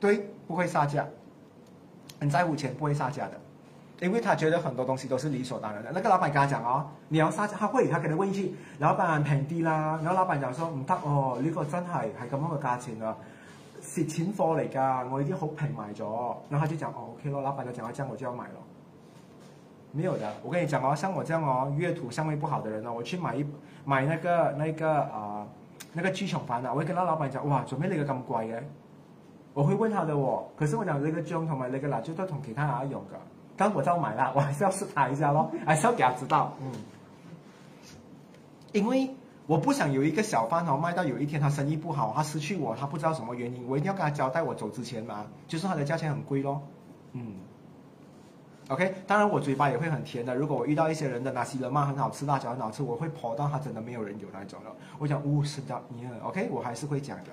對，不會殺價，很在乎錢，不會殺價的，因為他覺得很多東西都是理所當然的。那個老闆跟他講啊、哦，你要殺價，啊、喂他可能問一句：「老闆平啲啦。然後老闆就說，唔得哦，呢、這個真的係咁樣嘅價錢啊，是錢貨嚟噶，我已經好平賣咗。然後他就講，哦，OK 咯，老闆就講，我這樣我就要買了。沒有的，我跟你講哦，像我這樣哦，月土相位不好的人哦，我去買一買那個那個啊、呃、那個豬腸粉啊，我會跟那老闆講哇，做咩你個咁貴嘅？我會問他的我、哦，可是我講這個中同埋那個辣椒都同其他阿有的，樣噶。咁我再買啦，我還是要試他一下咯，還是要給他知道，嗯。因為我不想有一個小販哦，賣到有一天他生意不好，他失去我，他不知道什麼原因，我一定要跟他交代。我走之前嘛，就是他的價錢很貴咯，嗯。OK，當然我嘴巴也會很甜的。如果我遇到一些人的拿西人嘛很好吃，辣椒很好吃，我會跑到他真的沒有人有那種了我講，唔食得你，OK，我還是會講的。